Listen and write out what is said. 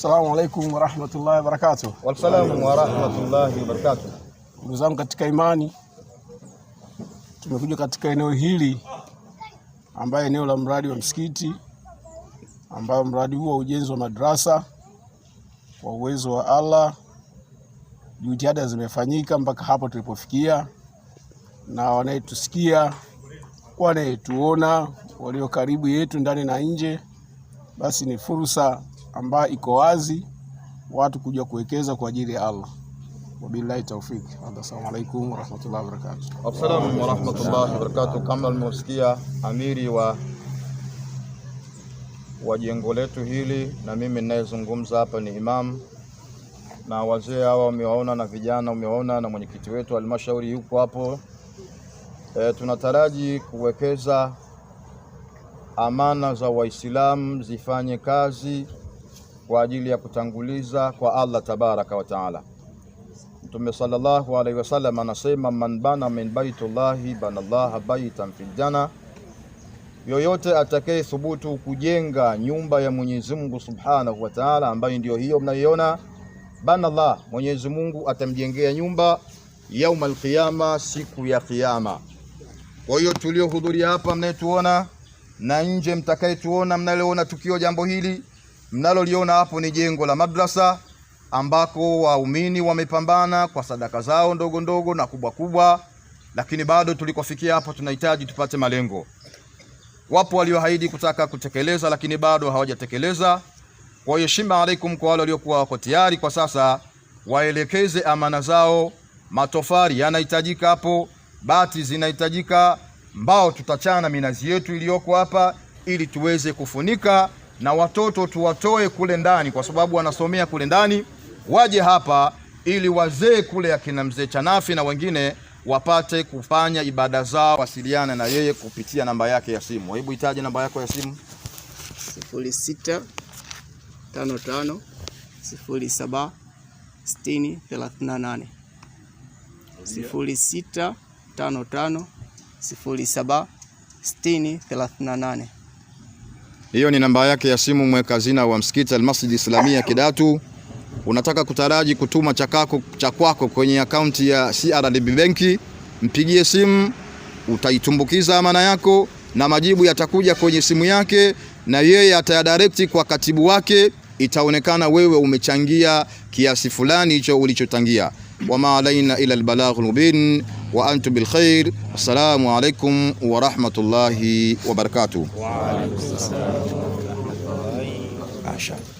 asalamu alaikum warahmatullahi wabarakatuh. Wasalamu warahmatullahi wabarakatuh. Ndugu zangu katika imani, tumekuja katika eneo hili ambayo eneo la mradi wa msikiti ambayo mradi huo wa ujenzi wa madrasa kwa uwezo wa Allah, jitihada zimefanyika mpaka hapo tulipofikia, na wanayetusikia wanayetuona, walio karibu yetu ndani na nje, basi ni fursa ambayo iko wazi watu kuja kuwekeza kwa ajili ya Allah. Wabillahi tawfik. Assalamu alaikum warahmatullahi wabarakatuh. Assalamu warahmatullahi wabarakatuh. Kama alivyosikia amiri wa wa jengo letu hili na mimi ninayezungumza hapa ni imam, na wazee hawa umewaona na vijana umewaona, na mwenyekiti wetu halmashauri yuko hapo. E, tunataraji kuwekeza amana za Waislamu zifanye kazi kwa ajili ya kutanguliza kwa Allah tabaraka wa taala. Mtume sallallahu alaihi wasallam anasema, man bana min baitullahi bana llaha baitan fil janna, yoyote atakaye thubutu kujenga nyumba ya Mwenyezi Mungu subhanahu wa taala, ambayo ndio hiyo mnaiona, bana Allah, Mwenyezi Mungu atamjengea nyumba yaumul qiyama, siku ya Kiyama. Kwa hiyo tuliohudhuria hapa mnayetuona na nje mtakayetuona, mnaloona tukio jambo hili Mnaloliona hapo ni jengo la madrasa ambako waumini wamepambana kwa sadaka zao ndogo ndogo na kubwa kubwa, lakini bado tulikofikia hapo tunahitaji tupate malengo. Wapo walioahidi kutaka kutekeleza, lakini bado hawajatekeleza. Kwa hiyo shima alaikum kwa wale waliokuwa wako tayari kwa sasa waelekeze amana zao. Matofali yanahitajika hapo, bati zinahitajika, mbao tutachana minazi yetu iliyoko hapa ili tuweze kufunika na watoto tuwatoe kule ndani, kwa sababu wanasomea kule ndani, waje hapa ili wazee kule akina mzee Chanafi na wengine wapate kufanya ibada zao. Wasiliana na yeye kupitia namba yake ya simu. Hebu itaje namba yako ya simu. 06 55 07 hiyo ni namba yake ya simu, mweka hazina wa msikiti Almasjid Islamia Kidatu. Unataka kutaraji kutuma cha kwako kwenye akaunti ya CRDB benki, mpigie simu, utaitumbukiza amana yako na majibu yatakuja kwenye simu yake, na yeye atayadirect kwa katibu wake. Itaonekana wewe umechangia kiasi fulani hicho ulichotangia. وما علينا إلى البلاغ المبين وأنتم بالخير السلام عليكم ورحمة الله وبركاته وعليكم السلام ورحمة الله وبركاته